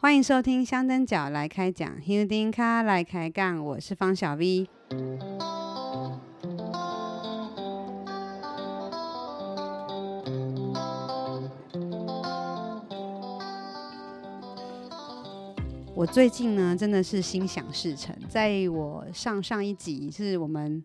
歡迎收聽香燈腳來開講，Houdinca 來開講，我是方小 V。我最近呢，真的是心想事成。在我上上一集，是我們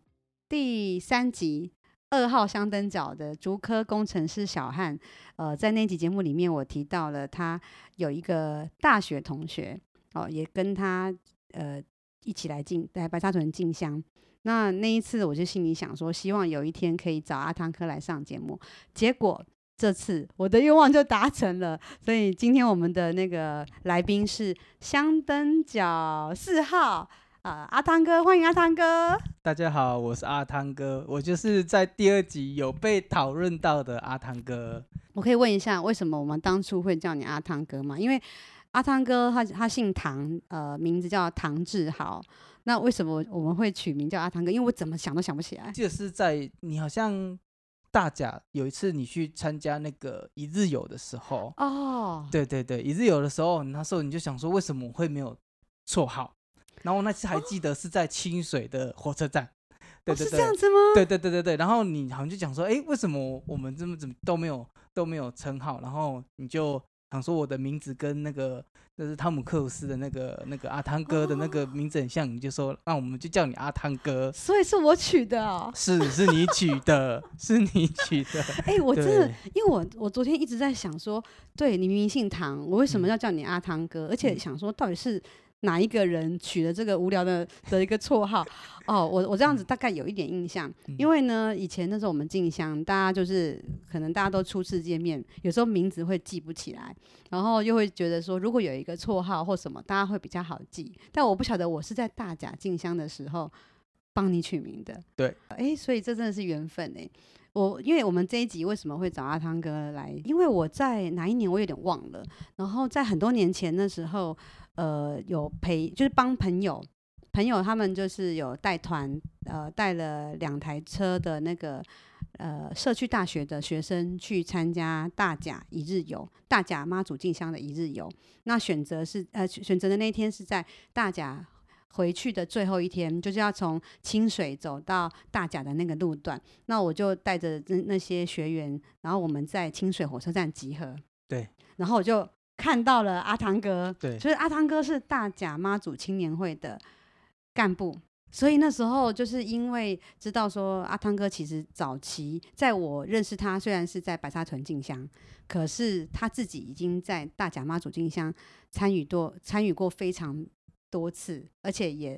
第三集。二號香燈腳的竹科工程師小漢，呃，在那集節目裡面，我提到了他有一個大學同學，哦，也跟他呃一起來進來白沙屯進香。那那一次，我就心裡想說，希望有一天可以找阿湯哥來上節目。結果這次我的願望就達成了，所以今天我們的那個來賓是香燈腳四號。啊、呃，阿湯哥，歡迎阿湯哥！大家好，我是阿湯哥，我就是在第二集有被討論到的阿湯哥。我可以問一下，為什麼我們當初會叫你阿湯哥嗎？因為阿湯哥他他姓唐，呃，名字叫唐志豪。那為什麼我們會取名叫阿湯哥？因為我怎麼想都想不起來。記得是在你好像大甲有一次你去參加那個一日遊的時候哦，對對對，一日遊的時候，那時候你就想說，為什麼我會沒有綽號？然後我那次還記得是在清水的火車站。對對對是這樣子嗎？對對對對對。然後你好像就講說，哎，為什麼我們這麼怎麼都沒有都沒有稱號？然後你就想說，我的名字跟那個就是湯姆克魯斯的那個那個阿湯哥的那個名字很像。哦、你就說，那、啊、我們就叫你阿湯哥。所以是我取的？哦，是是你取的，是你取的。哎， 我真的，對因為我我昨天一直在想說，對你明明姓唐，我為什麼要叫你阿湯哥？嗯、而且想說到底是。嗯哪一個人取了這個無聊的的一個綽號？ 哦，我我這樣子大概有一點印象，嗯、因為呢，以前那時候我們進香，大家就是可能大家都初次見面，有時候名字會記不起來，然後又會覺得說，如果有一個綽號或什麼，大家會比較好記。但我不曉得我是在大甲進香的時候幫你取名的。對，哎、欸，所以這真的是緣分哎、欸。我因為我們這一集為什麼會找阿湯哥來？因為我在哪一年我有點忘了，然後在很多年前的時候。呃，有陪就是幫朋友，朋友他們就是有帶團，呃，帶了兩台車的那個呃社區大學的學生去參加大甲一日遊，大甲媽祖進香的一日遊。那選擇是呃選擇的那一天是在大甲回去的最後一天，就是要從清水走到大甲的那個路段。那我就帶着那那些學員，然後我們在清水火車站集合。對，然後我就。看到了阿湯哥，對，就是阿湯哥是大甲媽祖青年會的幹部，所以那時候就是因為知道說阿湯哥其實早期在我認識他雖然是在白沙屯進香，可是他自己已經在大甲媽祖進香參與多參與過非常多次，而且也。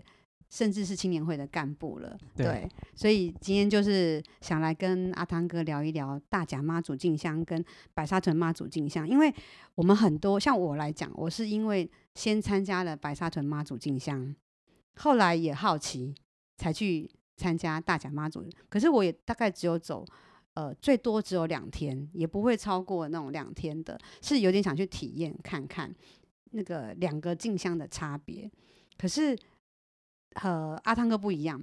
甚至是青年會的幹部了，對，對，所以今天就是想來跟阿湯哥聊一聊大甲媽祖進香跟白沙屯媽祖進香，因為我們很多像我來講，我是因為先參加了白沙屯媽祖進香，後來也好奇才去參加大甲媽祖，可是我也大概只有走，呃，最多只有兩天，也不會超過那種兩天的，是有點想去體驗看看那個兩個進香的差別，可是。和、呃、阿湯哥不一樣，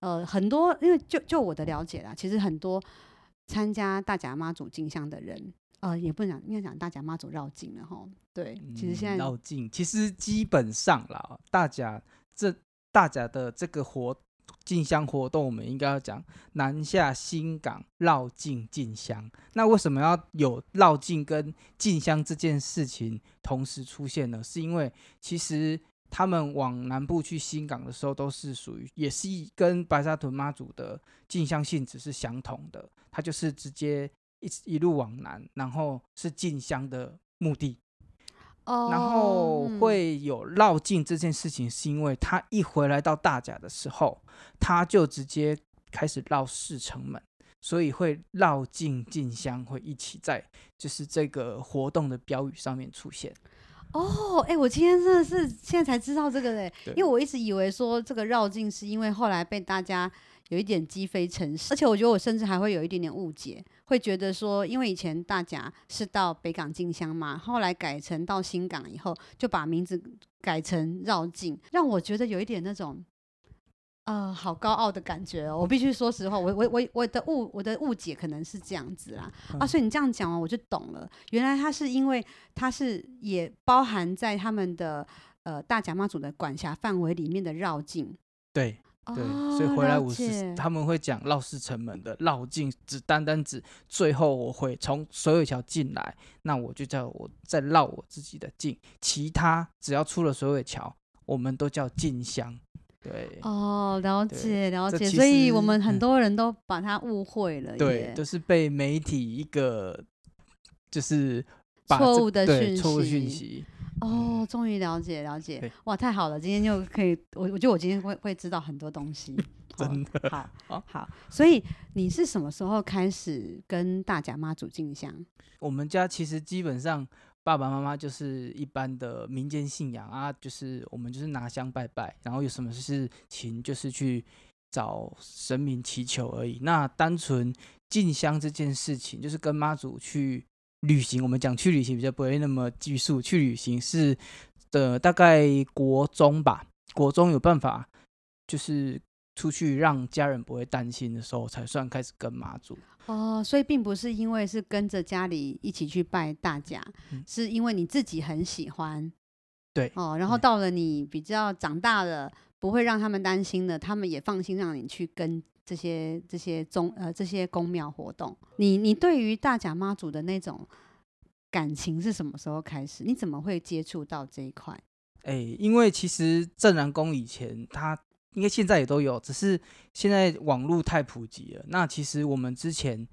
呃，很多因為就就我的了解啦，其實很多參加大甲媽祖進香的人，呃，也不想應該講大甲媽祖繞境了哈。對，其實現在繞境、嗯，其實基本上啦，大甲這大甲的這個活進香活動，我們應該要講南下新港繞境進香。那為什麼要有繞境跟進香這件事情同時出現呢？是因為其實。他們往南部去新港的時候，都是屬於，也是跟白沙屯媽祖的進香性質是相同的。他就是直接一一路往南，然後是進香的目的。哦。然後會有繞境這件事情，是因為他一回來到大甲的時候，他就直接開始繞四城門，所以會繞境進香，會一起在就是這個活動的標語上面出現。哦，哎、欸，我今天真的是現在才知道這個嘞、欸，對因為我一直以為說，這個繞境是因為後來被大家有一點積非成是，而且我覺得我甚至還會有一點點誤解，會覺得說，因為以前大家是到北港進香嘛，後來改成到新港以後，就把名字改成繞境讓我覺得有一點那種。呃，好高傲的感覺哦！我必須說實話，我我我我的誤我的誤解可能是這樣子啦啊，所以你這樣講哦，我就懂了。嗯、原來它是因為它是也包含在他們的呃大甲媽祖的管轄範圍裡面的繞境。對對，對哦、所以回來我是解他們會講繞世城門的繞境，只單單指最後我會從水尾橋進來，那我就叫我再繞我自己的境，其他只要出了水尾橋，我們都叫進香。對哦，了解了解，所以我們很多人都把它誤會了，對，都、就是被媒體一個就是錯誤的訊息。訊息嗯、哦，終於了解了解，了解對哇，太好了，今天就可以，我我覺得我今天會會知道很多東西，真的，好好好。好好 所以你是什麼時候開始跟大甲媽祖進香？我們家其實基本上。爸爸媽媽就是一般的民間信仰啊，就是我們就是拿香拜拜，然後有什麼事情就是去找神明祈求而已。那單純進香這件事情，就是跟媽祖去旅行。我們講去旅行比較不會那麼拘束，去旅行是的、呃，大概國中吧。國中有辦法，就是。出去讓家人不會擔心的時候，才算開始跟媽祖哦。所以並不是因為是跟着家裡一起去拜大甲，嗯、是因為你自己很喜歡，對哦。然後到了你比較長大了，嗯、不會讓他們擔心的，他們也放心讓你去跟這些這些宗呃這些宮廟活動。你你對於大甲媽祖的那種感情是什麼時候開始？你怎麼會接觸到這一塊？哎、欸，因為其實鎮瀾宮以前他。應該現在也都有，只是現在網絡太普及了。那其實我們之前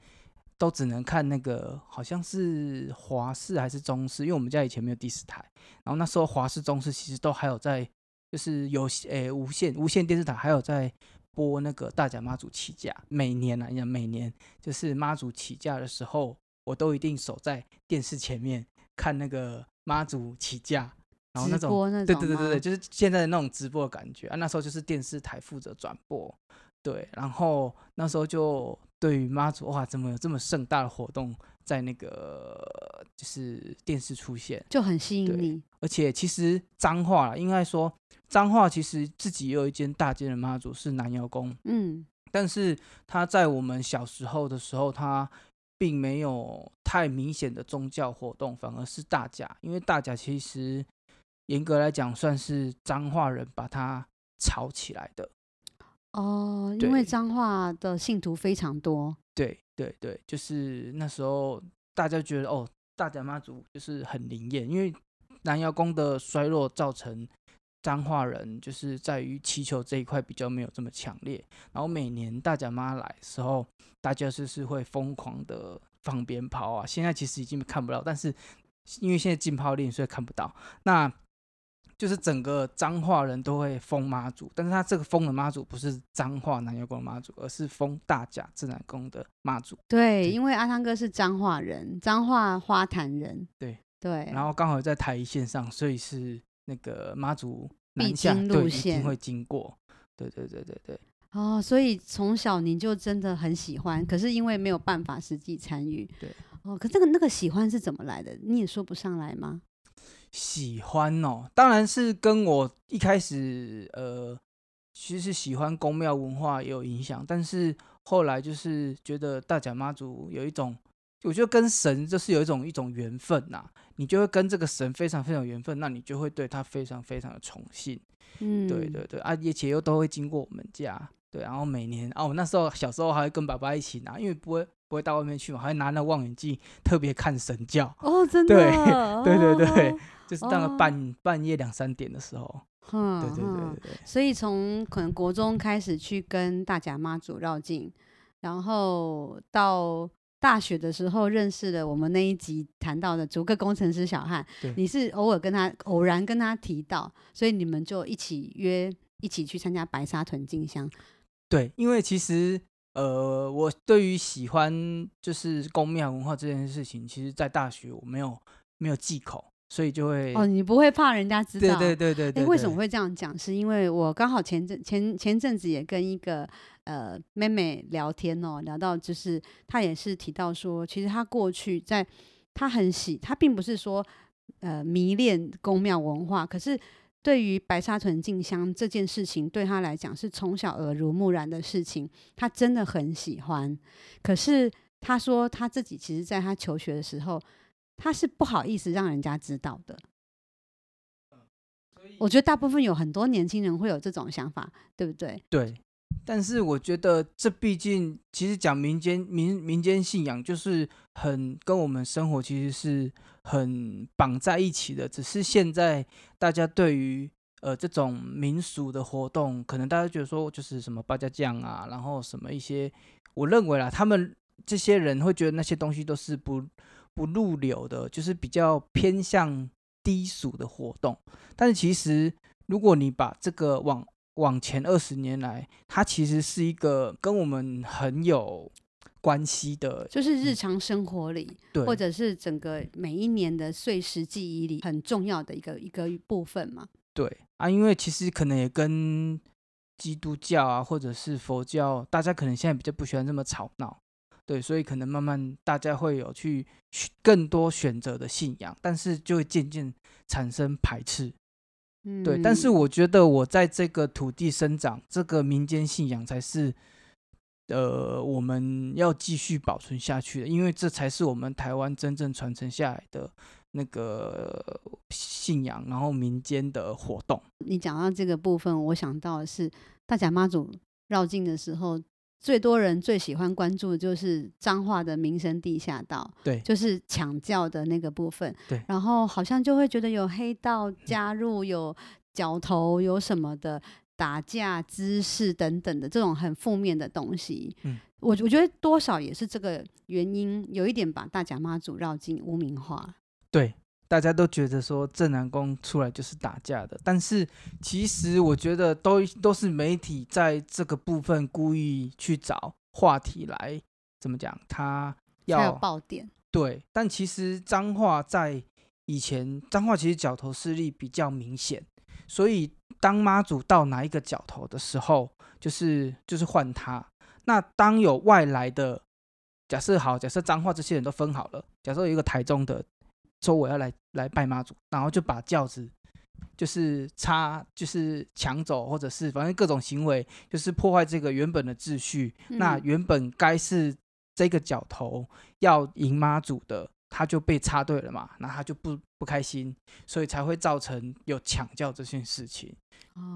都只能看那個，好像是華視還是中視，因為我們家以前沒有第四台。然後那時候華視、中視其實都還有在，就是有誒無線無線電視台還有在播那個大甲媽祖起駕。每年啊，每年就是媽祖起駕的時候，我都一定守在電視前面看那個媽祖起駕。然後那種對對對對對，就是現在的那種直播的感覺啊。那時候就是電視台負責轉播，對。然後那時候就對於媽祖哇，怎麼有這麼盛大的活動在那個就是電視出現，就很吸引你。而且其實彰化啦，應該說彰化，其實自己也有一間大間的媽祖是南瑤宮，嗯。但是他在我們小時候的時候，他並沒有太明顯的宗教活動，反而是大甲，因為大甲其實。嚴格來講，算是彰化人把它炒起來的哦、呃，因為彰化的信徒非常多。對對對，就是那時候大家覺得哦，大甲媽祖就是很靈驗，因為南瑤宮的衰落造成彰化人就是在於祈求這一塊比較沒有這麼強烈。然後每年大甲媽來的時候，大家就是，是會瘋狂的放鞭炮啊。現在其實已經看不到，但是因為現在禁炮令，所以看不到。那就是整個彰化人都會封媽祖，但是他這個封的媽祖不是彰化南瑤宮媽祖，而是封大甲鎮瀾宮的媽祖。對，對，因為阿湯哥是彰化人，彰化花壇人。對對。對，然後剛好在台一線上，所以是那個媽祖南下必經路線會經過。對對對對對。哦，所以從小您就真的很喜歡，可是因為沒有辦法實際參與。對。哦，可這個那個喜歡是怎麼來的？你也說不上來嗎？喜歡哦，當然是跟我一開始呃，其實喜歡宮廟文化也有影響，但是後來就是覺得大甲媽祖有一種，我覺得跟神就是有一種一種緣分吶、啊，你就會跟這個神非常非常緣分，那你就會對他非常非常的崇信。嗯，對對對，啊，而且又都會經過我們家，對，然後每年哦，啊、那時候小時候還會跟爸爸一起拿，因為不會不會到外面去嘛，還會拿那望遠鏡特別看神轎哦，真的，對、哦、對對對。就是到了半、哦、半夜兩三點的時候，嗯、對對對，對，對，所以從可能國中開始去跟大甲媽祖繞境，嗯、然後到大學的時候認識了我們那一集談到的逐個工程師小漢，對你是偶爾跟他偶然跟他提到，所以你們就一起約一起去參加白沙屯進香。對，因為其實呃，我對於喜歡就是宮廟文化這件事情，其實在大學我沒有沒有忌口。所以就會哦，你不會怕人家知道？對對對對，對，對，對、欸、為什麼會這樣講？是因為我剛好前陣前前陣子也跟一個呃妹妹聊天哦、喔，聊到就是她也是提到說，其實她過去在她很喜，她並不是說呃迷戀宮廟文化，可是對於白沙屯進香這件事情，對她來講是從小耳濡目染的事情，她真的很喜歡。可是她說，她自己其實，在她求學的時候。他是不好意思讓人家知道的，我覺得大部分有很多年輕人會有這種想法，對不對？對。但是我覺得這畢竟，其實講民間民民間信仰，就是很跟我們生活其實是很綁在一起的。只是現在大家對於呃這種民俗的活動，可能大家覺得說就是什麼八家將啊，然後什麼一些，我認為啦，他們這些人會覺得那些東西都是不。不入流的，就是比較偏向低俗的活動。但是其實，如果你把這個往往前二十年來，它其實是一個跟我們很有關係的，就是日常生活裡，嗯、對，或者是整個每一年的歲時記憶裡很重要的一個一個部分嘛。對啊，因為其實可能也跟基督教啊，或者是佛教，大家可能現在比較不喜歡這麼吵鬧。對，所以可能慢慢大家會有去更多選擇的信仰，但是就會漸漸產生排斥。對。嗯，但是我覺得我在這個土地生長，這個民間信仰才是呃我們要繼續保存下去的，因為這才是我們台灣真正傳承下來的那個信仰，然後民間的活動。你講到這個部分，我想到的是大甲媽祖繞境的時候。最多人最喜歡關注的就是彰化的民生地下道，對就是搶轎的那個部分，對然後好像就會覺得有黑道加入，有角頭有什麼的打架、滋事等等的這種很負面的東西。嗯，我我覺得多少也是這個原因，有一點把大甲媽祖繞進污名化。對。大家都覺得說鎮瀾宮出來就是打架的，但是其實我覺得都都是媒體在這個部分故意去找話題來，怎麼講？他要他爆點對，但其實彰化在以前彰化其實角頭勢力比較明顯，所以當媽祖到哪一個角頭的時候，就是就是換他。那當有外來的，假設好，假設彰化這些人都分好了，假設有一個台中的。說我要來來拜媽祖，然後就把轎子就是插，就是搶走，或者是反正各種行為，就是破壞這個原本的秩序。嗯。那原本該是這個角頭要迎媽祖的，他就被插隊了嘛，那他就不不開心，所以才會造成有搶轎這件事情。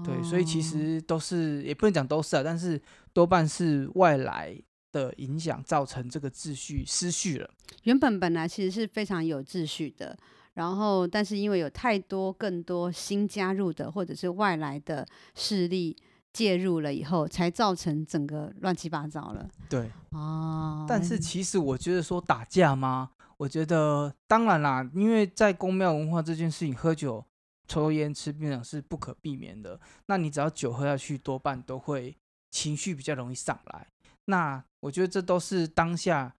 對，所以其實都是，也不能講都是啊，但是多半是外來。的影響造成這個秩序失序了。原本本來其實是非常有秩序的，然後但是因為有太多更多新加入的或者是外來的勢力介入了以後，才造成整個亂七八糟了。對，啊、哦，但是其實我覺得說打架嗎？嗯、我覺得當然啦，因為在宮廟文化這件事情，喝酒、抽菸、吃檳榔是不可避免的。那你只要酒喝下去，多半都會情緒比較容易上來。那我覺得這都是當下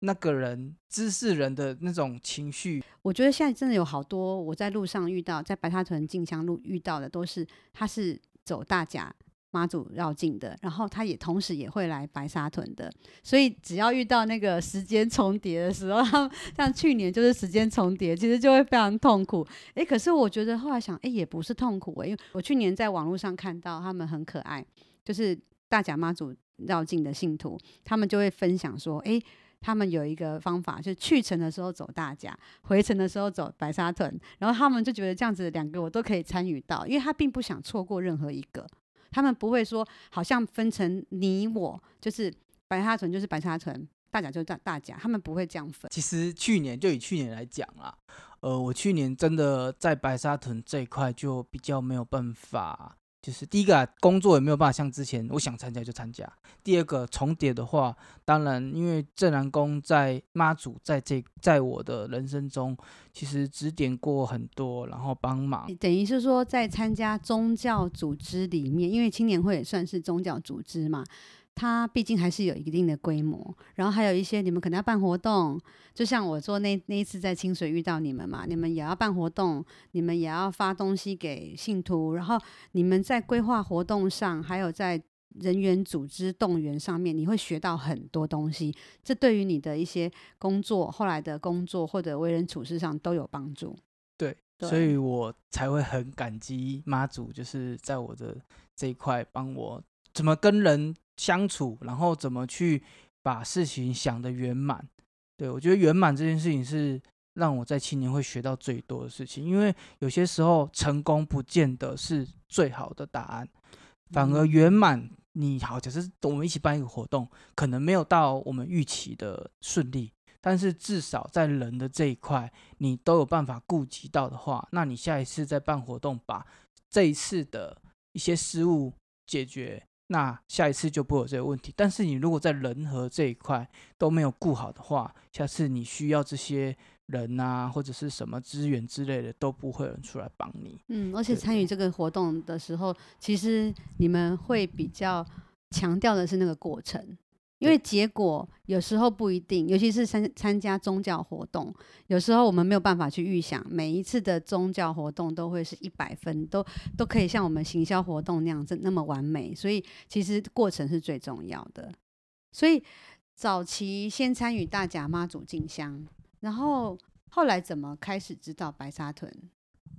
那個人，知識人的那種情緒。我覺得現在真的有好多我在路上遇到，在白沙屯進香路遇到的，都是他是走大甲媽祖繞境的，然後他也同時也會來白沙屯的。所以只要遇到那個時間重疊的時候，像去年就是時間重疊，其實就會非常痛苦誒，可是我覺得後來想，誒，也不是痛苦誒，因為我去年在網路上看到他們很可愛，就是。大甲媽祖繞境的信徒，他們就會分享說，哎，他們有一個方法，就是去程的時候走大甲，回程的時候走白沙屯。然後他們就覺得這樣子，兩個我都可以參與到，因為他並不想錯過任何一個。他們不會說，好像分成你我，就是白沙屯就是白沙屯，大甲就是大大甲，他們不會這樣分。其實去年，就以去年來講啦，呃，我去年真的在白沙屯這一塊就比較沒有辦法。就是第一個、啊、工作也沒有辦法像之前，我想參加就參加。第二個重點的話，當然，因為鎮瀾宮在媽祖，在這，在我的人生中，其實指點過很多，然後幫忙。等於是說，在參加宗教組織裡面，因為青年會也算是宗教組織嘛。它畢竟還是有一定的規模，然後還有一些你們可能要辦活動，就像我做那那一次在清水遇到你們嘛，你們也要辦活動，你們也要發東西給信徒，然後你們在規劃活動上，還有在人員組織動員上面，你會學到很多東西，這對於你的一些工作，後來的工作或者為人處事上都有幫助。對，對。所以我才會很感激媽祖，就是在我的這一塊幫我怎麼跟人相處，然後怎麼去把事情想得圓滿。對，我覺得圓滿這件事情是讓我在青年會學到最多的事情，因為有些時候成功不見得是最好的答案，反而圓滿。你好像是我們一起辦一個活動，可能沒有到我們預期的順利，但是至少在人的這一塊，你都有辦法顧及到的話，那你下一次再辦活動，把這一次的一些失誤解決。那下一次就不會有這個問題。但是你如果在人和這一塊都沒有顧好的話，下次你需要這些人啊，或者是什麼資源之類的，都不會有人出來幫你。嗯，而且參與這個活動的時候，對其實你們會比較強調的是那個過程。因為結果有時候不一定，尤其是參參加宗教活動，有時候我們沒有辦法去預想，每一次的宗教活動都會是一百分，都都可以像我們行銷活動那樣子，那麼完美。所以其實過程是最重要的。所以早期先參與大甲媽祖進香，然後後來怎麼開始知道白沙屯？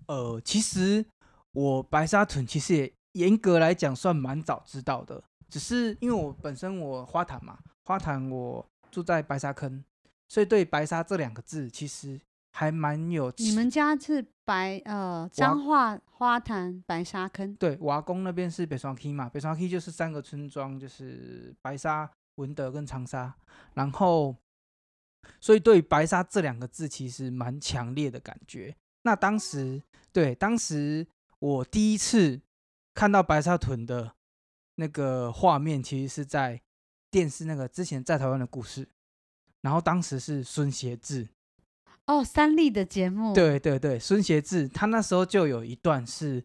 呃，其實我白沙屯其實也嚴格來講算蠻早知道的。只是因為我本身我花壇嘛，花壇我住在白沙坑，所以對白沙這兩個字其實還蠻有。你們家是白，呃，彰化花壇白沙坑？對，我阿公那邊是北雙溪嘛，北雙溪就是三個村莊，就是白沙、文德跟長沙。然後，所以對白沙這兩個字其實蠻強烈的感覺。那當時，對，當時我第一次看到白沙屯的。那個畫面其實是在電視那個，之前在台灣的故事，然後當時是孫協志，哦，三立的節目，對對對，孫協志他那時候就有一段是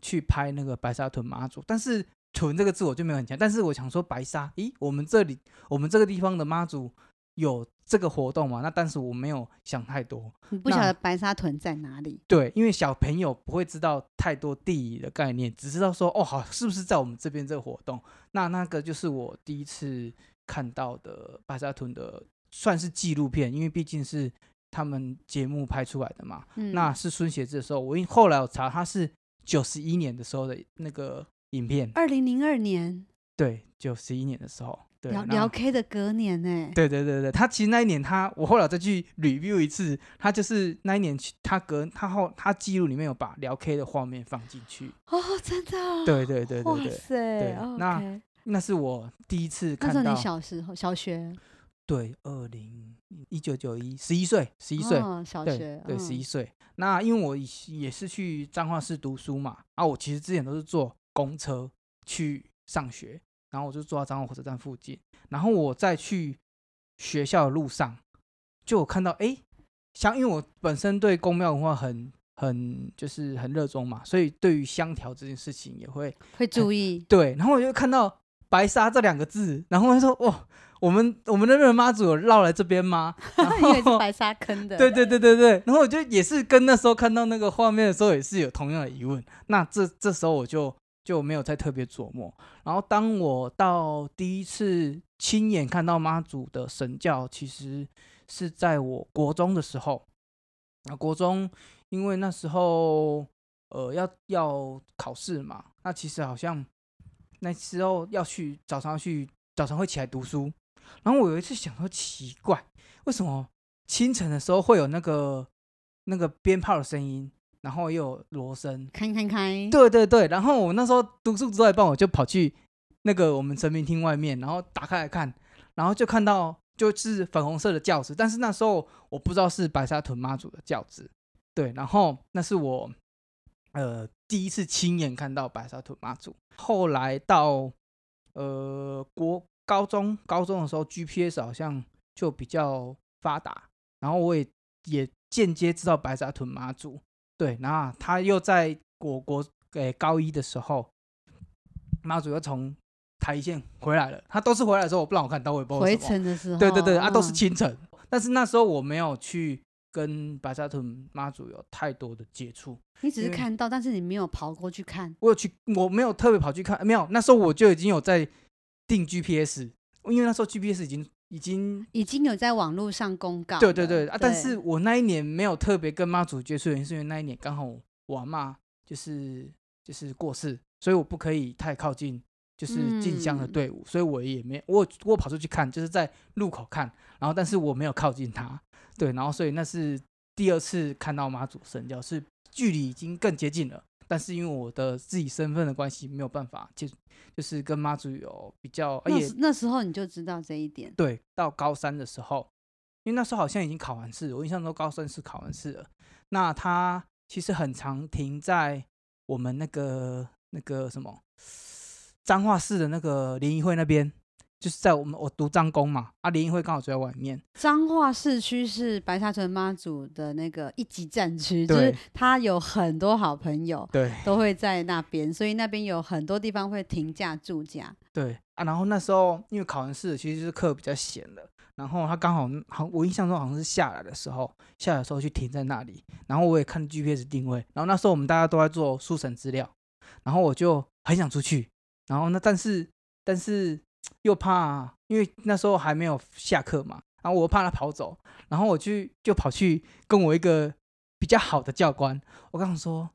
去拍那個白沙屯媽祖，但是“屯”這個字我就沒有很強，但是我想說白沙，咦，我們這裡我們這個地方的媽祖。有這個活動嘛？那但是我沒有想太多，你不曉得白沙屯在哪裡？對，因為小朋友不會知道太多地理的概念，只知道說哦，好，是不是在我們這邊這個活動？那那個就是我第一次看到的白沙屯的，算是紀錄片，因為畢竟是他們節目拍出來的嘛。嗯，那是孫協志的時候，我因後來我查，他是九十一年的時候的那個影片。二零零二年。對，九十一年的時候。對聊後聊 K 的隔年呢？欸，對對對對，他其實那一年他，我後來再去 review 一次，他就是那一年去他隔他後他記錄裡面有把聊 K 的畫面放進去哦，真的，對，對對對對對，哇塞，對哦，那 okay 那是我第一次看到你小時候小學，對，二零一九九一十一歲十一歲，哦，小學對十一、嗯、歲，那因為我也是去彰化市讀書嘛，啊，我其實之前都是坐公車去上學。然後我就坐在彰化火車站附近，然後我在去學校的路上，就我看到哎香，誒像因為我本身對宮廟文化很很就是很熱衷嘛，所以對於香條這件事情也會會注意、呃。對，然後我就看到白沙這兩個字，然後我就說：“哇、哦，我們我們那邊的媽祖有繞來這邊嗎？”因為是白沙坑的。 對，對對對對對，然後我就也是跟那時候看到那個畫面的時候，也是有同樣的疑問。那這這時候我就。就沒有再特別琢磨。然後，當我到第一次親眼看到媽祖的神教，其實是在我國中的時候。那國中，因為那時候呃要要考試嘛，那其實好像那時候要去早上去早上會起來讀書。然後我有一次想說奇怪，為什麼清晨的時候會有那個那個鞭炮的聲音？然後又有鑼聲，看看看，對對對。然後我那時候讀書之外，辦，我就跑去那個我們神明廳外面，然後打開來看，然後就看到就是粉紅色的轎子，但是那時候我不知道是白沙屯媽祖的轎子，對。然後那是我呃第一次親眼看到白沙屯媽祖。後來到呃國高中高中的時候，GPS 好像就比較發達，然後我也也間接知道白沙屯媽祖。對，然後他又在我國誒、欸、高一的時候，媽祖又從台一線回來了。他都是回來的時候，我不讓我看到微，到會回程的時候，對對對，嗯、啊，都是清晨。但是那時候我沒有去跟白沙屯媽祖有太多的接觸，你只是看到，為但是你沒有跑過去看。我有去，我沒有特別跑去看，沒有。那時候我就已經有在定 GPS，因為那時候 GPS 已經。已經已經有在網絡上公告。對對對啊！對，但是我那一年沒有特別跟媽祖接觸，因為，是因為那一年剛好我媽就是就是過世，所以我不可以太靠近，就是進香的隊伍，嗯、所以我也沒我我跑出去看，就是在路口看，然後但是我沒有靠近她，對，然後所以那是第二次看到媽祖神轎，就是距離已經更接近了。但是因為我的自己身份的關係，沒有辦法就就是跟媽祖有比較。那也那時候你就知道這一點。對，到高三的時候，因為那時候好像已經考完試，我印象中高三是考完試了。那他其實很常停在我們那個那個什麼彰化市的那個聯誼會那邊。就是在我們我讀彰工嘛，啊聯誼會剛好就在外面。彰化市區是白沙屯媽祖的那個一級戰區，對就是他有很多好朋友，對，都會在那邊，對所以那邊有很多地方會停駕駐駕，對啊，然後那時候因為考完試，其實就是課比較閒了，然後他剛好好，我印象中好像是下來的時候，下來的時候去停在那裡，然後我也看 GPS 定位，然後那時候我們大家都在做書審資料，然後我就很想出去，然後那但是但是。又怕，因為那時候還沒有下課嘛，然後我又怕他跑走，然後我去就跑去跟我一個比較好的教官，我跟他說，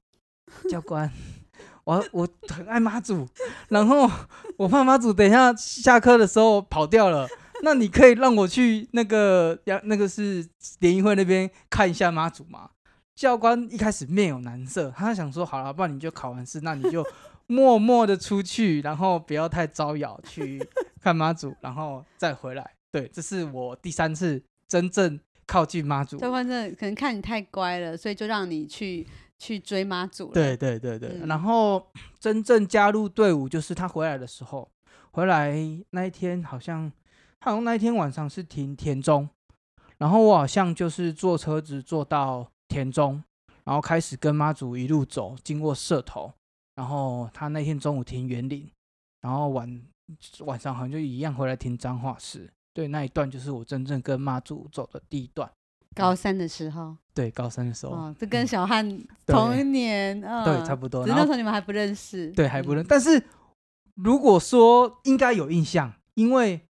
教官，我我很愛媽祖，然後我怕媽祖等一下下課的時候跑掉了，那你可以讓我去那個呀，那個是聯誼會那邊看一下媽祖嗎？教官一開始面有難色，他想說：“好啦，不然你就考完試，那你就默默的出去， 然後不要太招搖去看媽祖，然後再回來。”對，這是我第三次真正靠近媽祖。教官真的可能看你太乖了，所以就讓你去去追媽祖了。對對對對，嗯、然後真正加入隊伍就是他回來的時候，回來那一天好像好像那一天晚上是停田中，然後我好像就是坐車子坐到。田中，然後開始跟媽祖一路走，經過社頭，然後他那天中午停員林，然後晚晚上好像就一樣回來停彰化市。對，那一段就是我真正跟媽祖走的第一段。高三的時候，嗯、對，高三的時候，這、哦、跟小漢同一年、嗯對嗯，對，差不多。那時候你們還不認識、嗯，對，還不認。但是如果說應該有印象，因為。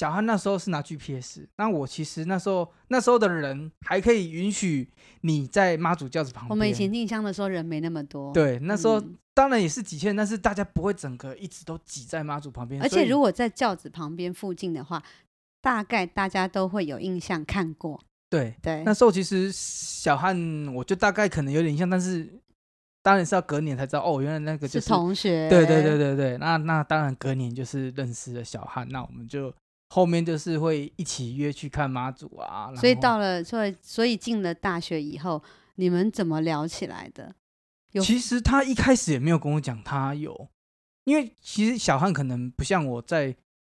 小漢那時候是拿去 PS，那我其實那時候那時候的人還可以允許你在媽祖轎子旁邊。我們以前進香的時候人沒那麼多。對，那時候當然也是幾千，嗯、但是大家不會整個一直都擠在媽祖旁邊。而且如果在轎子旁邊附近的話，以大概大家都會有印象看過。對對，對那時候其實小漢，我就大概可能有點印象，但是當然是要隔年才知道哦，原來那個就是，是同學。對對對對對，那那當然隔年就是認識了小漢，那我們就。後面就是會一起約去看媽祖啊，所以到了，所以所以進了大學以後，你們怎麼聊起來的？有，其實他一開始也沒有跟我講他有，因為其實小漢可能不像我在，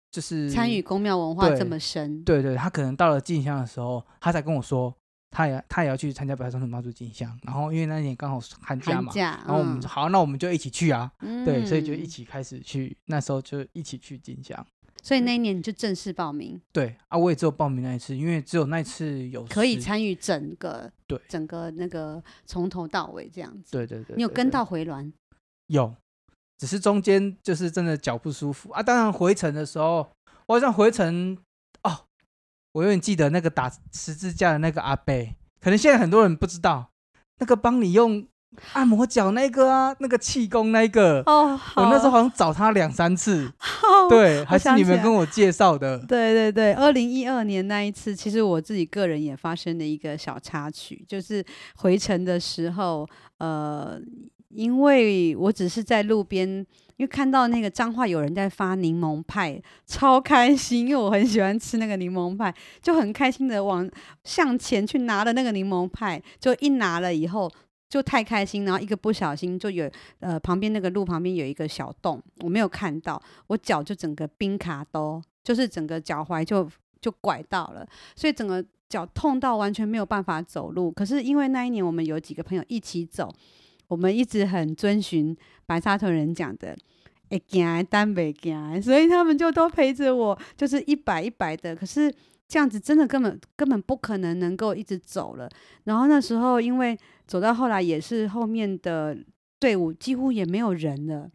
就是參與宮廟文化對這麼深。對，對對，他可能到了進香的時候，他才跟我說，他也他也要去參加白沙屯的媽祖進香。然後因為那年剛好寒假嘛，寒假嗯、然後我們好，那我們就一起去啊，嗯、對，所以就一起開始去，那時候就一起去進香。所以那一年你就正式報名。對啊，我也只有報名那一次，因為只有那一次有可以參與整個對整個那個從頭到尾這樣子。對對對，對對對，你有跟到回鑾？有，只是中間就是真的腳不舒服啊。當然回程的時候，我好像回程哦，我永遠記得那個打十字架的那個阿伯，可能現在很多人不知道，那個幫你用。按摩腳那個啊，那個氣功那個哦，oh, 我那時候好像找他兩三次，oh, 對，還是你們跟我介紹的，對對對。二零一二年那一次，其實我自己個人也發生了一個小插曲，就是回程的時候，呃，因為我只是在路邊，因為看到那個彰化有人在發檸檬派，超開心，因為我很喜歡吃那個檸檬派，就很開心的往向前去拿了那個檸檬派，就一拿了以後。就太開心，然後一個不小心，就有呃旁邊那個路旁邊有一個小洞，我沒有看到，我腳就整個冰卡都，就是整個腳踝就就拐到了，所以整個腳痛到完全沒有辦法走路。可是因為那一年我們有幾個朋友一起走，我們一直很遵循白沙屯人講的，一驚擔袂驚，所以他們就都陪着我，就是一擺一擺的。可是。這樣子真的根本根本不可能能夠一直走了。然後那時候，因為走到後來也是後面的隊伍幾乎也沒有人了。嗯、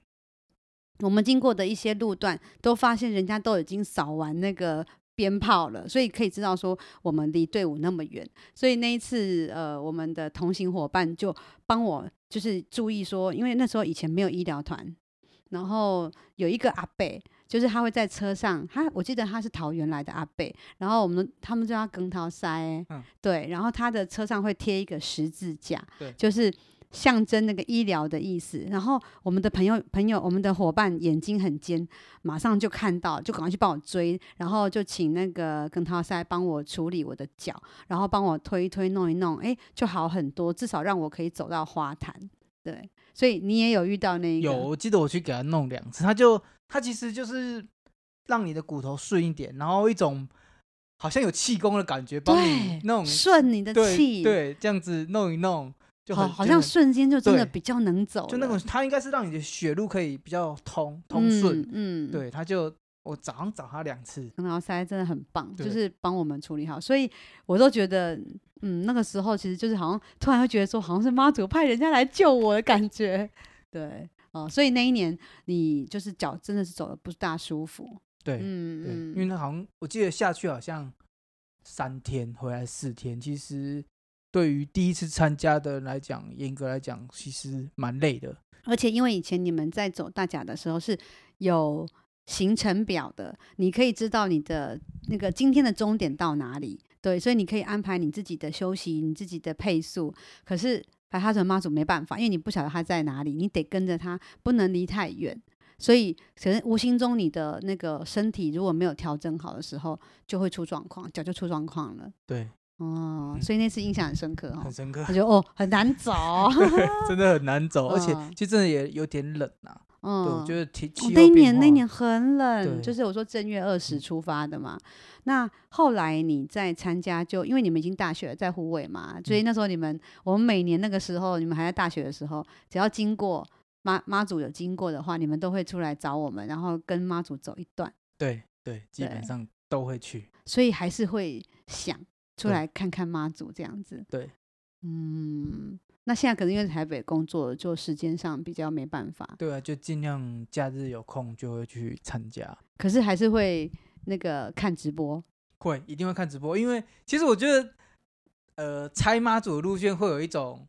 我們經過的一些路段都發現人家都已經掃完那個鞭炮了，所以可以知道說我們離隊伍那麼遠。所以那一次，呃，我們的同行夥伴就幫我就是注意說，因為那時候以前沒有醫療團，然後有一個阿伯。就是他會在車上，他我記得他是桃園來的阿伯，然後我們他們叫他跟桃塞。嗯、對，然後他的車上會貼一個十字架，對就是象徵那個醫療的意思。然後我們的朋友朋友，我們的夥伴眼睛很尖，馬上就看到，就趕快去幫我追，然後就請那個跟桃塞幫我處理我的腳，然後幫我推一推，弄一弄，哎，就好很多，至少讓我可以走到花壇，對。所以你也有遇到那一有，我記得我去給他弄兩次，他就他其實就是讓你的骨頭順一點，然後一種好像有氣功的感覺幫你弄順對種你的氣，對，這樣子弄一弄就好，好像瞬間就真的比較能走，就那種、個、他應該是讓你的血路可以比較通通順、嗯，嗯，對，他就我早上找他兩次，然後塞的真的很棒，對就是幫我們處理好，所以我都覺得。嗯，那個時候其實就是好像突然會覺得說，好像是媽祖派人家來救我的感覺。 對，哦、呃，所以那一年你就是腳真的是走的不大舒服。對，嗯嗯，因為他好像我記得下去好像三天回來四天，其實對於第一次參加的來講，嚴格來講其實蠻累的。而且因為以前你們在走大甲的時候是有行程表的，你可以知道你的那個今天的終點到哪裡。對，所以你可以安排你自己的休息，你自己的配速。可是，白沙屯媽祖沒辦法，因為你不曉得他在哪裡，你得跟着他，不能離太遠。所以，可能無形中你的那個身體如果沒有調整好的時候，就會出狀況，腳就出狀況了。對。哦，所以那次印象很深刻哈、哦嗯，很深刻。我就哦，很難走， 真的很難走，嗯、而且其實真的也有點冷啊。嗯，就是天氣、哦。那一年那一年很冷，對就是我說正月二十出發的嘛。嗯、那後來你在參加就，就因為你們已經大學了在虎尾嘛，所以那時候你們，嗯、我們每年那個時候，你們還在大學的時候，只要經過媽媽祖有經過的話，你們都會出來找我們，然後跟媽祖走一段。對對，對對基本上都會去，所以還是會想。出來看看媽祖這樣子，對，嗯，那現在可能因為台北工作，就時間上比較沒辦法。對啊，就盡量假日有空就會去參加，可是還是會那個看直播，會一定會看直播，因為其實我覺得，呃，猜媽祖的路線會有一種，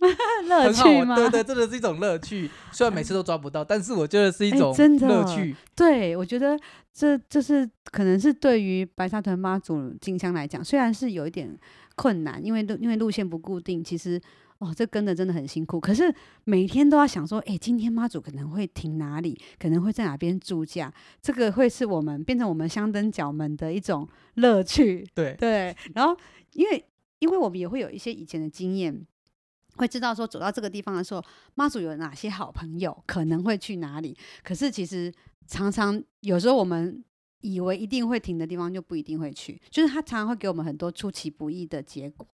樂 趣嗎很好玩，對對，真的是一種樂趣。 雖然每次都抓不到，但是我覺得是一種樂趣。欸、真的對，我覺得這就是可能是對於白沙屯媽祖進香來講，雖然是有一點困難，因為，因為路因為路線不固定，其實哦，這跟的真的很辛苦。可是每天都要想說，哎、欸，今天媽祖可能會停哪裡，可能會在哪邊駐駕，這個會是我們變成我們香燈腳們的一種樂趣。對對，然後因為因為我們也會有一些以前的經驗。會知道說走到這個地方的時候，媽祖有哪些好朋友可能會去哪裡？可是其實常常有時候我們以為一定會停的地方，就不一定會去。就是他常常會給我們很多出其不意的結果，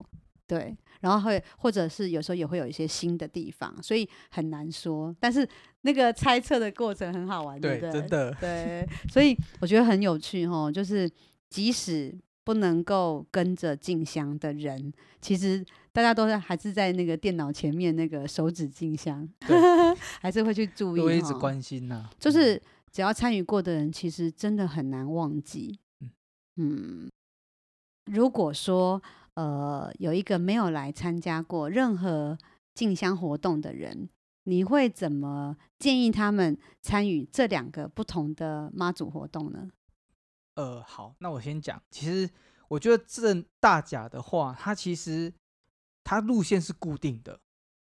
對。然後會或者是有時候也會有一些新的地方，所以很難說。但是那個猜測的過程很好玩，對，對不對？真的對，所以我覺得很有趣哈、哦。就是即使不能夠跟着進香的人，其實。大家都在還是在那個電腦前面，那個手指進香，還是會去注意，都會一直關心吶、啊。就是只要參與過的人，其實真的很難忘記。嗯，嗯嗯、如果說呃有一個沒有來參加過任何進香活動的人，你會怎麼建議他們參與這兩個不同的媽祖活動呢？呃，好，那我先講。其實我覺得這大甲的話，它其實。它路線是固定的，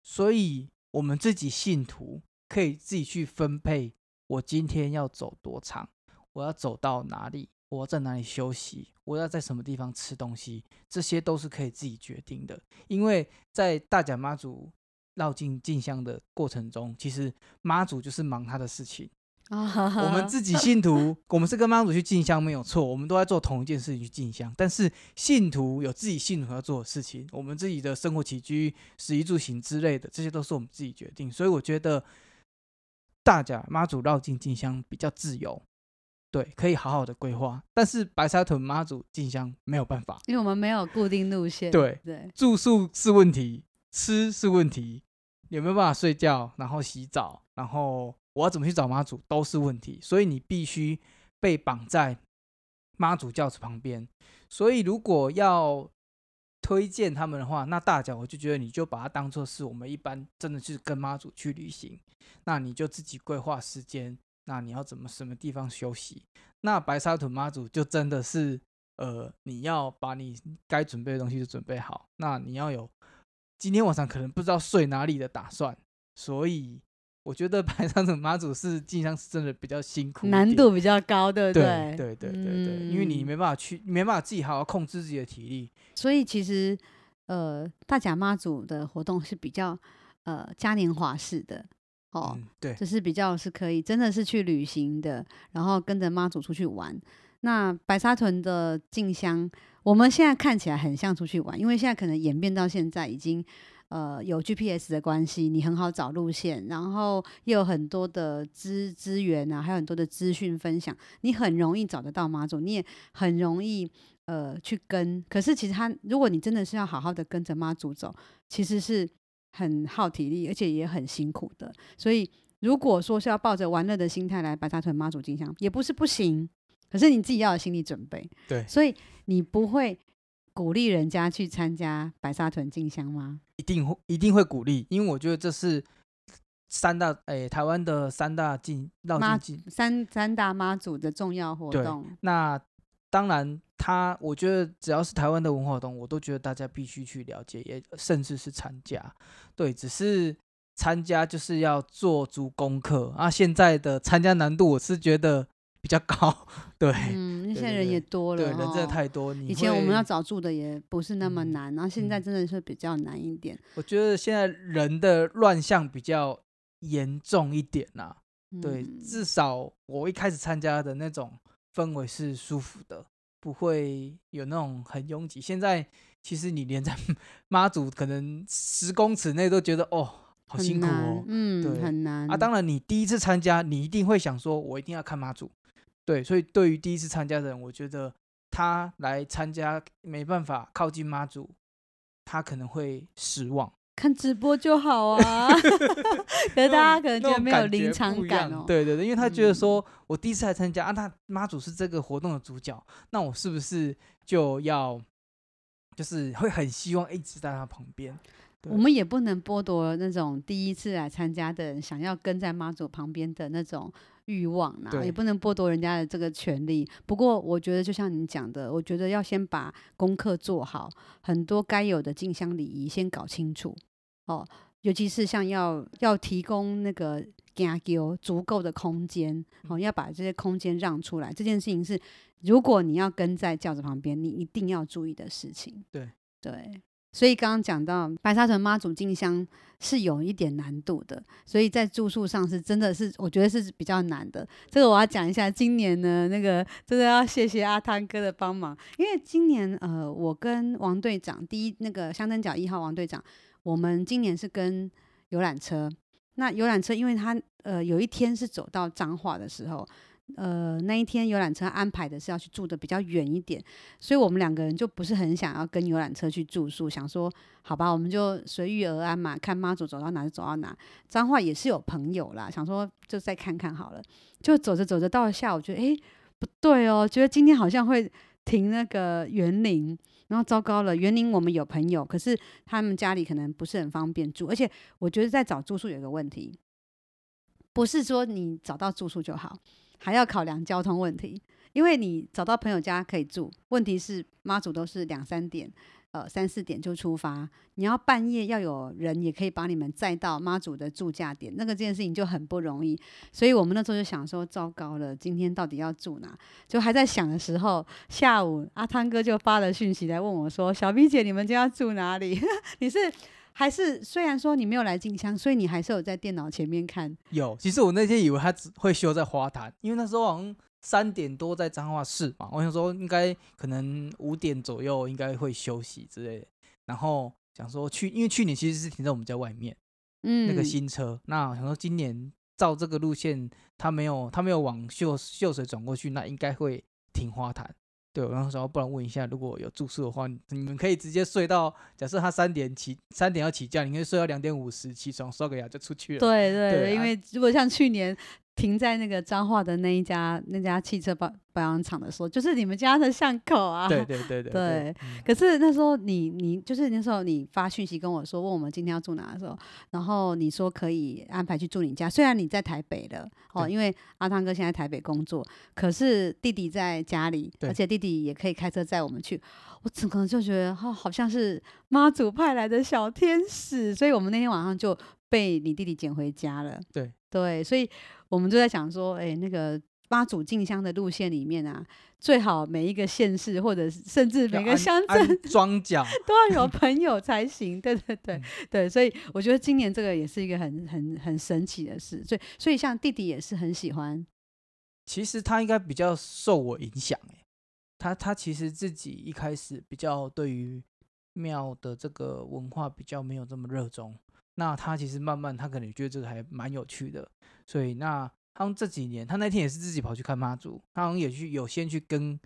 所以我們自己信徒可以自己去分配。我今天要走多長，我要走到哪裡，我要在哪裡休息，我要在什麼地方吃東西，這些都是可以自己決定的。因為在大甲媽祖繞境進,進香的過程中，其實媽祖就是忙他的事情。Oh, 我們自己信徒， 我們是跟媽祖去進香沒有錯，我們都在做同一件事情去進香。但是信徒有自己信徒要做的事情，我們自己的生活起居、食衣住行之類的，這些都是我們自己決定。所以我覺得，大家媽祖繞境進香比較自由，對，可以好好的規劃。但是白沙屯媽祖進香沒有辦法，因為我們沒有固定路線，對對，對，住宿是問題，吃是問題，有沒有辦法睡覺，然後洗澡，然後。我要怎麼去找媽祖都是問題，所以你必須被綁在媽祖轎子旁邊。所以如果要推薦他們的話，那大甲我就覺得你就把它當做是我們一般真的去跟媽祖去旅行，那你就自己規劃時間，那你要怎麼什麼地方休息？那白沙屯媽祖就真的是，呃，你要把你該準備的東西都準備好，那你要有今天晚上可能不知道睡哪裡的打算，所以。我覺得白沙屯媽祖是進香是真的比較辛苦，難度比較高，對不對？對對對對、對、嗯、因為你沒辦法去，沒辦法自己好好控制自己的體力。所以其實，呃，大甲媽祖的活動是比較呃嘉年華式的哦、嗯，對，就是比較是可以，真的是去旅行的，然後跟着媽祖出去玩。那白沙屯的進香，我們現在看起來很像出去玩，因為現在可能演變到現在已經。呃，有 GPS 的關係，你很好找路線，然後也有很多的資資源啊，還有很多的資訊分享，你很容易找得到媽祖，你也很容易呃去跟。可是其實他，如果你真的是要好好的跟着媽祖走，其實是很耗體力，而且也很辛苦的。所以如果說是要抱着玩樂的心態來白沙屯媽祖進香，也不是不行，可是你自己要有心理準備。對，所以你不會。鼓勵人家去參加白沙屯進香嗎？一定會，一定會鼓勵，因為我覺得這是三大，誒、欸，台灣的三大進媽祖，三三大媽祖的重要活動。那當然他，他我覺得只要是台灣的文化活動，我都覺得大家必須去了解，也甚至是參加。對，只是參加就是要做足功課啊。現在的參加難度，我是覺得。比較高，對，嗯，那現在人也多了，對，對，哦、人真的太多。你以前我們要找住的也不是那麼難，嗯、然後現在真的是比較難一點。我覺得現在人的亂象比較嚴重一點吶、啊，對，嗯、至少我一開始參加的那種氛圍是舒服的，不會有那種很擁擠。現在其實你連在媽祖可能十公尺內都覺得哦，好辛苦哦，嗯，對，很難啊。當然你第一次參加，你一定會想說，我一定要看媽祖。對，所以對於第一次參加的人，我覺得他來參加沒辦法靠近媽祖，他可能會失望。看直播就好啊， 可是大家可能覺得沒有臨場感哦。感覺不一樣。對對對，因為他覺得說，我第一次來參加、嗯、啊，他媽祖是這個活動的主角，那我是不是就要，就是會很希望一直在他旁邊？我們也不能剝奪那種第一次來參加的人想要跟在媽祖旁邊的那種。欲望啊，對也不能剝奪人家的這個權利。不過，我覺得就像你講的，我覺得要先把功課做好，很多該有的進香禮儀先搞清楚。哦，尤其是像要要提供那個講足夠的空間，好、嗯哦、要把這些空間讓出來，這件事情是，如果你要跟在轎子旁邊，你一定要注意的事情。對對。對所以剛剛講到白沙屯媽祖進香是有一點難度的，所以在住宿上是真的是我覺得是比較難的。這個我要講一下，今年呢，那個真的要謝謝阿湯哥的幫忙，因為今年呃，我跟王隊長，第一那個香燈腳一號王隊長，我們今年是跟遊覽車，那遊覽車因為他呃有一天是走到彰化的時候。呃，那一天遊覽車安排的是要去住得比較遠一點，所以我們兩個人就不是很想要跟遊覽車去住宿，想說好吧，我們就隨遇而安嘛，看媽祖走到哪就走到哪。彰化也是有朋友啦，想說就再看看好了。就走着走着到了下午就，覺得哎不對哦，覺得今天好像會停那個員林，然後糟糕了，員林我們有朋友，可是他們家裡可能不是很方便住，而且我覺得在找住宿有個問題，不是說你找到住宿就好。還要考量交通問題，因為你找到朋友家可以住，問題是媽祖都是兩三點，呃，三四點就出發，你要半夜要有人也可以把你們載到媽祖的駐駕點，那個這件事情就很不容易，所以我們那時候就想說，糟糕了，今天到底要住哪？就還在想的時候，下午阿湯哥就發了訊息來問我說：“小米姐，你們家要住哪裡？ 你是？”還是雖然說你沒有來進香，所以你還是有在電腦前面看？有，其實我那天以為他只會休在花壇，因為那時候好像三點多在彰化市嘛，我想說應該可能五點左右應該會休息之類的。然後想說去，因為去年其實是停在我們家外面，嗯，那個新車。那想說今年照這個路線，他沒有他沒有往秀秀水轉過去，那應該會停花壇。對，然後說不然問一下，如果有住宿的話，你們可以直接睡到，假設他三點起，三點要起駕，你可以睡到兩點五十起床刷個牙就出去了。對,對對，對啊，因為如果像去年。停在那個彰化的那一家那家汽車保保養廠的時候，就是你們家的巷口啊。對對對對。對，嗯、可是那時候你你就是那時候你發訊息跟我說，問我們今天要住哪的時候，然後你說可以安排去住你家，雖然你在台北了哦，對因為阿湯哥現在台北工作，可是弟弟在家裡，而且弟弟也可以開車載我們去，對我整個人就覺得哈，好像是媽祖派來的小天使，所以我們那天晚上就被你弟弟撿回家了。對對，所以。我們就在想說，哎、欸，那個媽祖進香的路線裡面啊，最好每一個縣市，或者甚至每個鄉鎮、莊腳都要有朋友才行， 對對對對。所以我覺得今年這個也是一個很很很神奇的事。所以，所以像弟弟也是很喜歡。其實他應該比較受我影響，他他其實自己一開始比較對於廟的這個文化比較沒有這麼熱衷。那他其實慢慢，他可能覺得這個還蠻有趣的，所以那他們這幾年，他那天也是自己跑去看媽祖，他好像也去有先去跟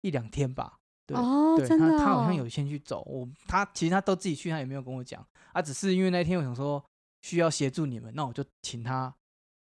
一兩天吧，對，哦、對，他他好像有先去走，我他其實他都自己去，他也沒有跟我講，啊，只是因為那天我想說需要協助你們，那我就請他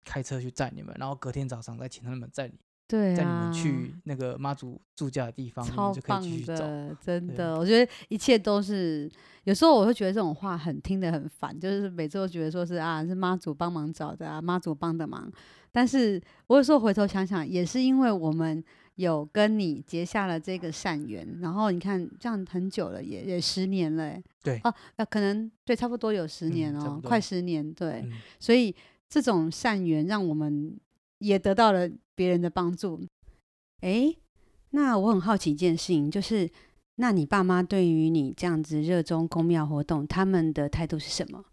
開車去載你們，然後隔天早上再請他們載你。對、啊，在你們去那個媽祖住駕的地方，超棒的，真的，對我覺得一切都是，有時候我會覺得這種話很聽得很煩，就是每次都覺得說是啊，是媽祖幫忙找的啊，媽祖幫的忙。但是我有時候回頭想想，也是因為我們有跟你結下了這個善緣，然後你看這樣很久了，也也十年了對、啊。對啊，那可能對差不多有十年哦，嗯、快十年。對，嗯、所以這種善緣讓我們。也得到了別人的幫助。誒、欸，那我很好奇一件事情，就是，那你爸媽對於你這樣子熱衷宮廟活動，他們的態度是什麼？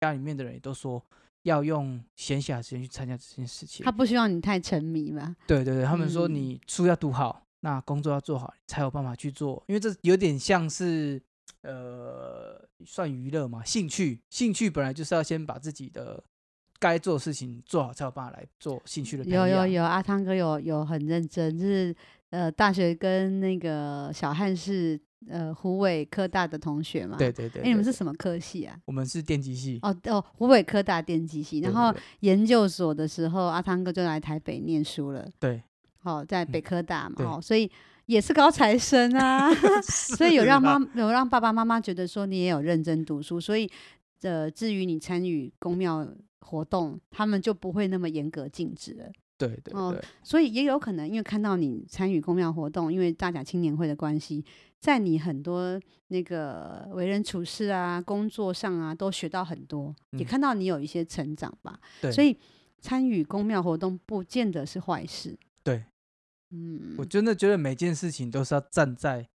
家裡面的人也都說要用閒暇時間去參加這件事情。他不希望你太沉迷嘛？對對對，他們說你書要讀好，嗯、那工作要做好，才有辦法去做。因為這有點像是，呃，算娛樂嘛，興趣，興趣本來就是要先把自己的。該做事情做好，才有辦法來做興趣的培養。有有有，阿湯哥有有很認真，就是呃，大學跟那個小漢是呃湖北科大的同學嘛。對對對。哎，你們是什麼科系啊？我們是電機系。哦哦，湖、哦、北科大電機系。然後研究所的時候，對對對阿湯哥就來台北念書了。對。好、哦，在北科大嘛，好、嗯哦，所以也是高材生啊。 啊 所以有讓媽有讓爸爸媽媽覺得說你也有認真讀書，所以呃，至於你參與宮廟。活動，他們就不會那麼嚴格禁止了。對對對、哦，所以也有可能，因為看到你參與宮廟活動，因為大甲青年會的關係，在你很多那個為人處事啊、工作上啊，都學到很多，嗯、也看到你有一些成長吧。對，所以參與宮廟活動不見得是壞事。對，嗯，我真的覺得每件事情都是要站在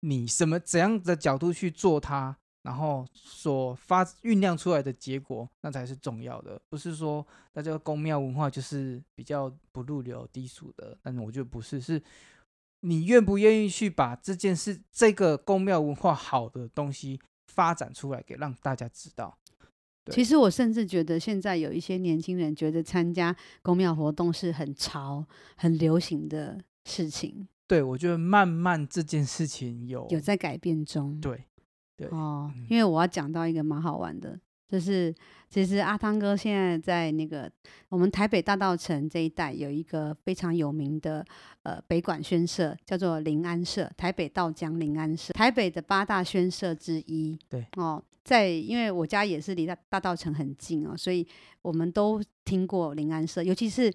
你什麼怎樣的角度去做它。然後所發醞釀出來的結果，那才是重要的。不是說那這個宮廟文化就是比較不入流、低俗的，但我覺得不是，是你願不願意去把這件事、這個宮廟文化好的東西發展出來，給讓大家知道。其實我甚至覺得現在有一些年輕人覺得參加宮廟活動是很潮、很流行的事情。對，我覺得慢慢這件事情有有在改變中。對。嗯、哦，因為我要講到一個蠻好玩的，就是其實阿湯哥現在在那個我們台北大稻埕這一帶有一個非常有名的呃北管軒社，叫做靈安社，台北稻江靈安社，台北的八大軒社之一。對哦，在因為我家也是離大稻埕很近哦，所以我們都聽過靈安社，尤其是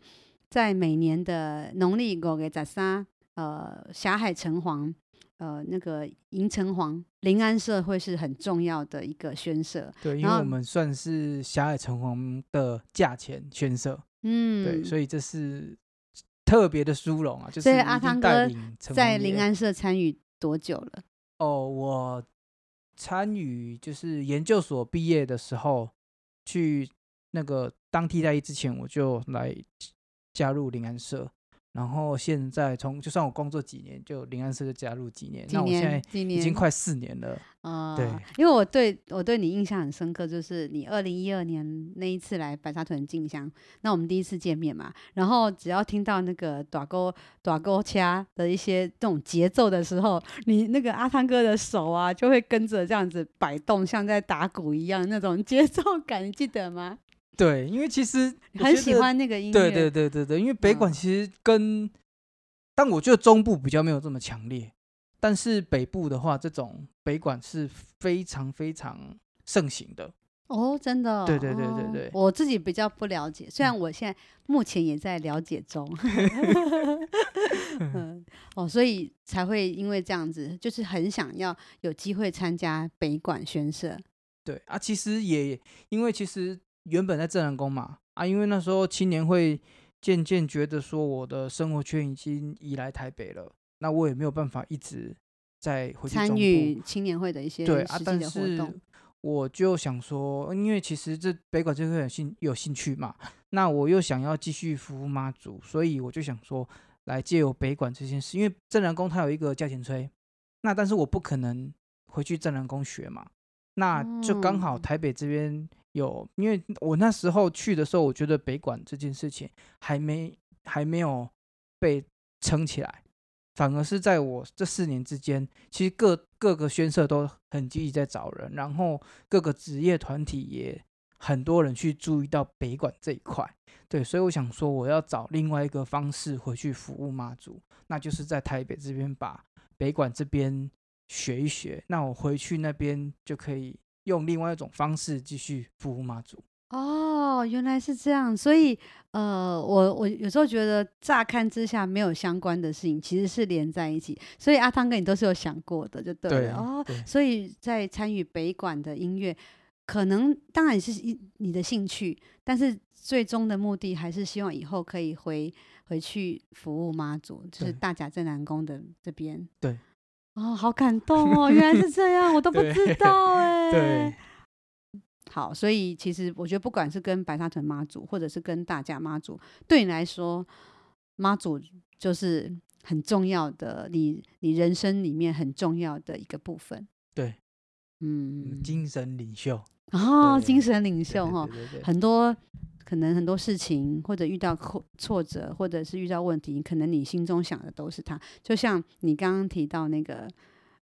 在每年的農曆五月十三，呃，霞海城隍。呃，那個迎城隍，靈安社會是很重要的一個軒社。對，因為，然後，因為我們算是霞海城隍的駕前軒社。嗯，對，所以這是特別的殊榮啊！就是所以阿湯哥在靈安社參與多久了？哦，我參與就是研究所畢業的時候，去那個當替代役之前，我就來加入靈安社。然後現在從就算我工作幾年，就靈安社就加入幾年，幾年，那我現在已經快四年了啊。呃、對，因為我對我對你印象很深刻，就是你二零一二年那一次來白沙屯進香，那我們第一次見面嘛。然後只要聽到那個打勾打勾掐的一些這種節奏的時候，你那個阿湯哥的手啊就會跟着這樣子擺動，像在打鼓一樣那種節奏感，你記得嗎？對，因為其實很喜歡那個音樂。對對對對對，因為北管其實跟，嗯、但我覺得中部比較沒有這麼強烈，但是北部的話，這種北管是非常非常盛行的。哦，真的、哦？對對對對對、哦，我自己比較不了解，雖然我現在目前也在了解中。哦，所以才會因為這樣子，就是很想要有機會參加北管軒社。對啊，其實也因為其實。原本在鎮瀾宮嘛，啊，因為那時候青年會漸漸覺得說，我的生活圈已經移來台北了，那我也沒有辦法一直再回去參與青年會的一些的對啊，但是我就想說，因為其實這北管這塊有興有興趣嘛，那我又想要繼續服務媽祖，所以我就想說，來借由北管這件事，因為鎮瀾宮它有一個價錢催，那但是我不可能回去鎮瀾宮學嘛，那就剛好台北這邊。有，因為我那時候去的時候，我覺得北管這件事情還沒還沒有被撐起來，反而是在我這四年之間，其實各各個軒社都很積極在找人，然後各個職業團體也很多人去注意到北管這一塊，對，所以我想說，我要找另外一個方式回去服務媽祖，那就是在台北這邊把北管這邊學一學，那我回去那邊就可以。用另外一種方式繼續服務媽祖哦，原來是這樣，所以呃，我我有時候覺得乍看之下沒有相關的事情，其實是連在一起。所以阿湯跟你都是有想過的，就對了對，啊，對哦。所以在參與北管的音樂，可能當然是一你的興趣，但是最終的目的還是希望以後可以回回去服務媽祖，就是大家在南宮的這邊對。對哦，好感動哦！ 原來是這樣，我都不知道哎、欸。對，好，所以其實我覺得，不管是跟白沙屯媽祖，或者是跟大甲媽祖，對你來說，媽祖就是很重要的，你你人生裡面很重要的一個部分。對，嗯，精神領袖啊，哦、對精神領袖哈，對對對對很多。可能很多事情，或者遇到挫挫折，或者是遇到問題，可能你心中想的都是他。就像你剛剛提到那個，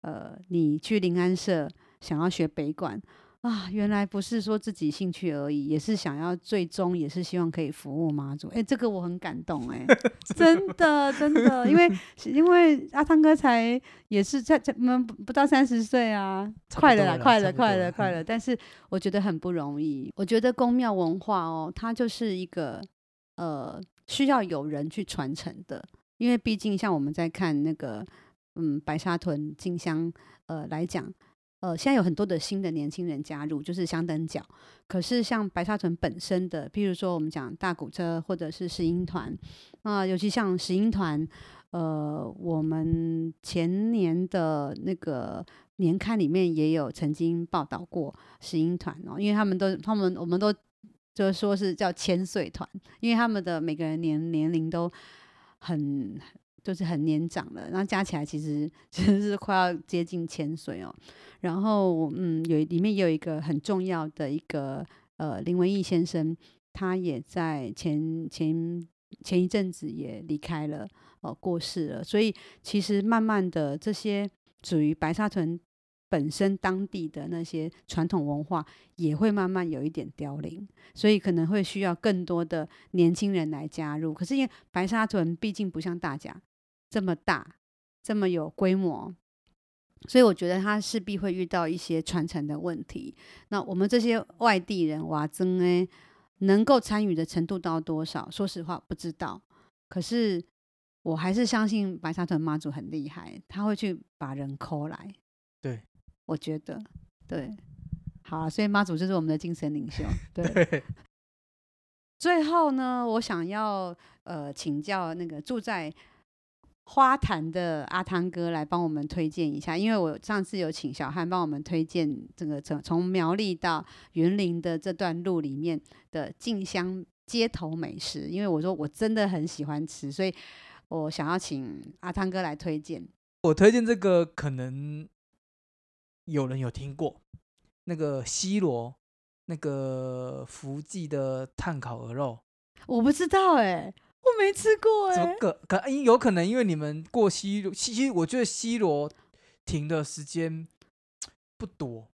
呃，你去靈安社想要學北管。啊，原來不是說自己興趣而已，也是想要最終，也是希望可以服務媽祖。哎、欸，這個我很感動、欸，哎， 真的真的，因為 因為阿湯哥才也是在在們不到三十歲啊，快了啦，快了，了快了，了快了。但是我覺得很不容易。嗯、我覺得宮廟文化哦，它就是一個呃需要有人去傳承的，因為畢竟像我們在看那個嗯白沙屯進香呃來講。呃，現在有很多的新的年輕人加入，就是香燈腳。可是像白沙屯本身的，譬如說我們講大鼓車或者是石英團，啊，呃，尤其像石英團，呃，我們前年的那個年刊裡面也有曾經報道過石英團哦，因為他們都他們我們都就是說是叫千歲團，因為他們的每個人年年齡都很。都是很年長的，然後加起來其實其實是快要接近千歲哦。然後，嗯，有裡面也有一個很重要的一個呃林文義先生，他也在前前前一陣子也離開了哦、呃，過世了。所以其實慢慢的這些屬於白沙屯本身當地的那些傳統文化，也會慢慢有一點凋零，所以可能會需要更多的年輕人來加入。可是因為白沙屯畢竟不像大甲。這麼大，這麼有規模，所以我覺得他勢必會遇到一些傳承的問題。那我們這些外地人，哇，真哎，能夠參與的程度到多少？說實話，不知道。可是我還是相信白沙屯媽祖很厲害，他會去把人摳來。對。對，我覺得對。好啊，所以媽祖就是我們的精神領袖。對。對，最後呢，我想要呃請教那個住在。花壇的阿湯哥來幫我們推薦一下，因為我上次有請小漢幫我們推薦這個從從苗栗到雲林的這段路裡面的進香街頭美食，因為我說我真的很喜歡吃，所以我想要請阿湯哥來推薦。我推薦這個可能有人有聽過，那個西螺那個福記的炭烤鵝肉，我不知道哎、欸。我沒吃過哎、欸，可可因、欸、有可能因為你們過西西，西我覺得西螺停的時間不多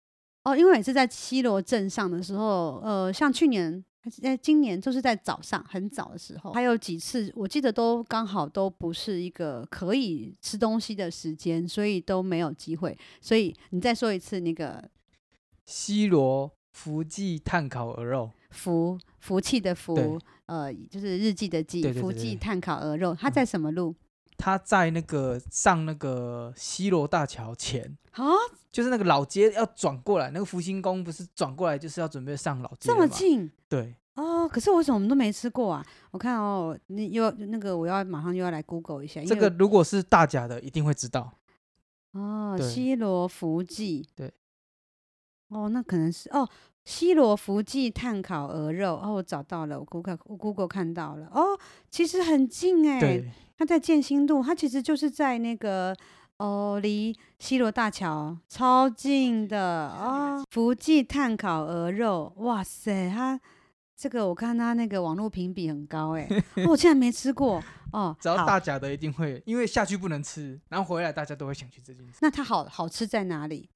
哦，因為也是在西螺鎮上的時候，呃，像去年在、呃、今年就是在早上很早的時候，還有幾次我記得都剛好都不是一個可以吃東西的時間，所以都沒有機會。所以你再說一次那個西螺福記炭烤鵝肉。福福氣的福，對呃，就是日記的記，對對對對福記炭烤鵝肉，它在什麼路？它、嗯、在那個上那個西螺大橋前啊，就是那個老街要轉過來，那個福星宮不是轉過來就是要準備上老街，這麼近？對哦，可是我什麼我都沒吃過啊，我看哦，你又那個我要馬上又要來 Google 一下，這個如果是大甲的一定會知道哦，對西螺福記，對，哦，那可能是哦。西螺福記炭烤鵝肉哦，我找到了，我 Google 我 Google 看到了哦，其實很近哎，對它在建新路，它其實就是在那個哦，離西螺大橋超近的啊。福記炭烤鵝肉，哇塞，它這個我看它那個網絡評比很高哎、 哦，我竟然沒吃過哦。只要大甲的一定會，好因為下去不能吃，然後回來大家都會想去這件事。那它好好吃在哪裡？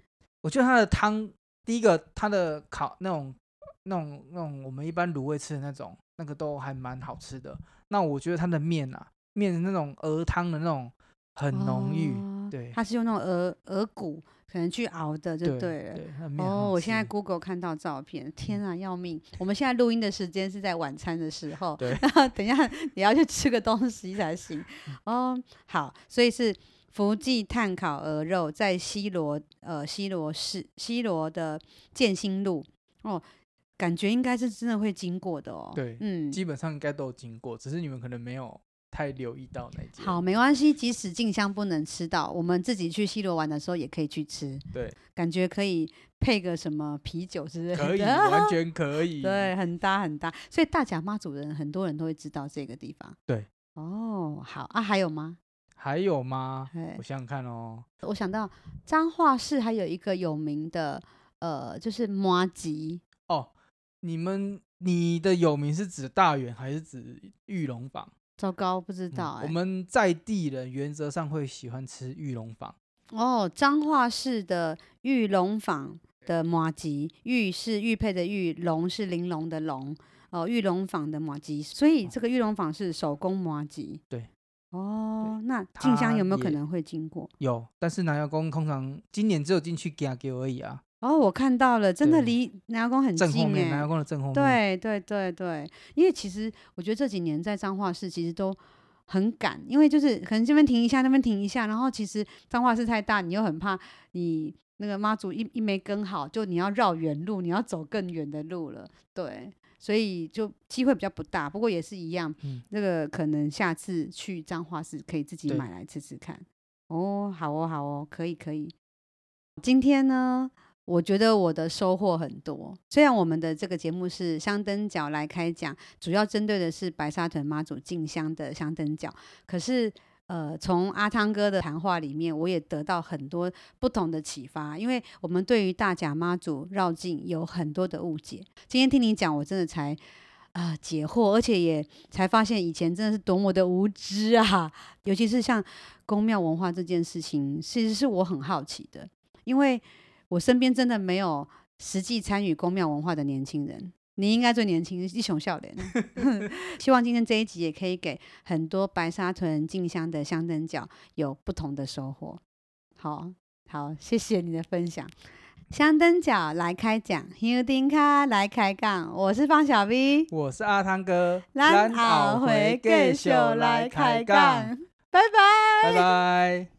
我覺得它的湯。第一個，它的烤那種、那種、那種，我們一般滷味吃的那種，那個都還蠻好吃的。那我覺得它的麵啊，麵的那種鵝湯的那種，鵝湯的那種很濃郁，哦、對，它是用那種鵝鵝骨可能去熬的就對了。對對，很哦，我現在 Google 看到照片，天啊，要命！我們現在錄音的時間是在晚餐的時候，對。然後、啊、等一下你要去吃個東西才行。嗯、哦，好，所以是。福記炭烤鵝肉在西螺，呃、西螺市，西螺的建新路哦，感覺應該是真的會經過的哦。對，嗯，基本上應該都經過，只是你們可能沒有太留意到那一間。好，沒關係，即使靜香不能吃到，我們自己去西螺玩的時候也可以去吃。對，感覺可以配個什麼啤酒之類的，可以，哦、完全可以。對，很搭很搭，所以大甲媽祖人很多人都會知道這個地方。對，哦，好啊，還有嗎？還有嗎？對我想想看哦，我想到彰化市還有一個有名的，呃，就是麻吉哦。你們你的有名是指大元還是指玉龍坊？糟糕，不知道哎。嗯嗯、我們在地人原則上會喜歡吃玉龍坊。哦，彰化市的玉龍坊的麻吉，玉是玉佩的玉，龍是玲瓏的龍。哦，玉龍坊的麻吉，所以這個玉龍坊是手工麻吉。哦、對。哦，那進香有沒有可能會經過？有，但是南瑤宮通常今年只有進去給阿給而已啊。哦，我看到了，真的離南瑤宮很近哎，欸，南瑤宮的正後面。對對對對，因為其實我覺得這幾年在彰化市其實都很趕，因為就是可能這邊停一下，那邊停一下，然後其實彰化市太大，你又很怕你那個媽祖一一沒跟好，就你要繞遠路，你要走更遠的路了。對。所以就機會比較不大，不過也是一樣，嗯、那個可能下次去彰化市，可以自己買來吃吃看。對哦，好哦，好哦，可以可以。今天呢，我覺得我的收穫很多。雖然我們的這個節目是香燈腳來開講，主要針對的是白沙屯媽祖進香的香燈腳，可是。呃，從阿湯哥的談話裡面，我也得到很多不同的啟發。因為我們對於大甲媽祖繞境有很多的誤解，今天聽你講，我真的才啊、呃、解惑，而且也才發現以前真的是多麼的無知啊！尤其是像宮廟文化這件事情，其實是我很好奇的，因為我身邊真的沒有實際參與宮廟文化的年輕人。你應該最年輕，一窮笑臉。 希望今天這一集也可以給很多白沙屯進香的香燈腳有不同的收穫。好，好，謝謝你的分享。香燈腳來開講，丁卡來開槓，我是方小 V，我是阿湯哥，蘭考回歌秀來開槓，拜拜，拜拜。